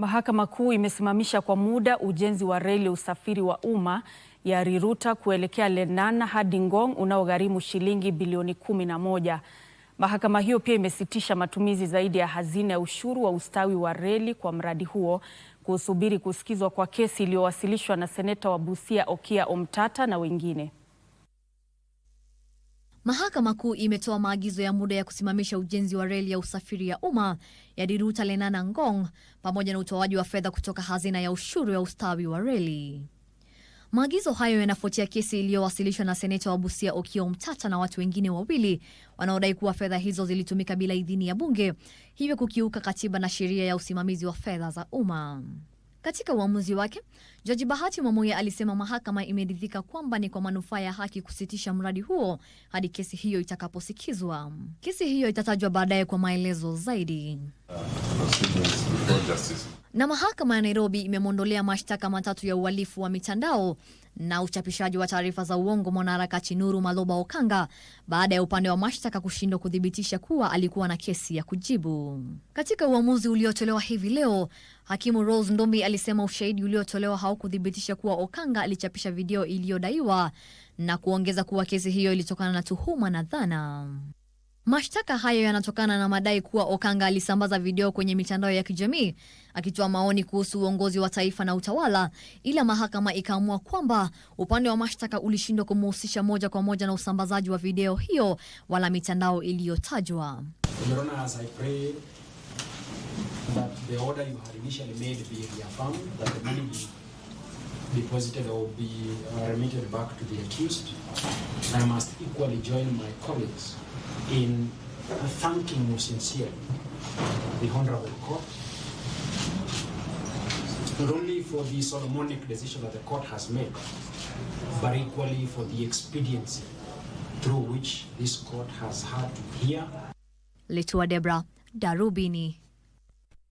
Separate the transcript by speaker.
Speaker 1: Mahakama Kuu imesimamisha kwa muda ujenzi wa reli ya usafiri wa umma ya Riruta kuelekea Lenana hadi Ngong unaogharimu shilingi bilioni kumi na moja. Mahakama hiyo pia imesitisha matumizi zaidi ya hazina ya ushuru wa ustawi wa reli kwa mradi huo kusubiri kusikizwa kwa kesi iliyowasilishwa na seneta wa Busia Okiya Omtata na wengine.
Speaker 2: Mahakama Kuu imetoa maagizo ya muda ya kusimamisha ujenzi wa reli ya usafiri ya umma ya Diruta Lenana Ngong pamoja na utoaji wa fedha kutoka hazina ya ushuru ya ustawi wa reli. Maagizo hayo yanafuatia kesi iliyowasilishwa na seneta wa Busia Okio Mtata na watu wengine wawili wanaodai kuwa fedha hizo zilitumika bila idhini ya bunge, hivyo kukiuka katiba na sheria ya usimamizi wa fedha za umma. Katika uamuzi wake, Jaji Bahati Mwamuye alisema mahakama imeridhika kwamba ni kwa manufaa ya haki kusitisha mradi huo hadi kesi hiyo itakaposikizwa. Kesi hiyo itatajwa baadaye kwa maelezo zaidi. Na mahakama ya Nairobi imemwondolea mashtaka matatu ya uhalifu wa mitandao na uchapishaji wa taarifa za uongo mwanaharakati Nuru Maloba Okanga baada ya upande wa mashtaka kushindwa kuthibitisha kuwa alikuwa na kesi ya kujibu. Katika uamuzi uliotolewa hivi leo, hakimu Rose Ndombi alisema ushahidi uliotolewa haukuthibitisha kuwa Okanga alichapisha video iliyodaiwa na kuongeza kuwa kesi hiyo ilitokana na tuhuma na dhana. Mashtaka hayo yanatokana na madai kuwa Okanga alisambaza video kwenye mitandao ya kijamii akitoa maoni kuhusu uongozi wa taifa na utawala, ila mahakama ikaamua kwamba upande wa mashtaka ulishindwa kumhusisha moja kwa moja na usambazaji wa video hiyo wala mitandao iliyotajwa
Speaker 3: deposited or be uh, remitted back to the accused. I must equally join my colleagues in thanking you sincerely, the Honorable Court, not only for the Solomonic decision that the court has made, but equally for the expediency through which this court has had to hear.
Speaker 1: Litwa Debra, Darubini.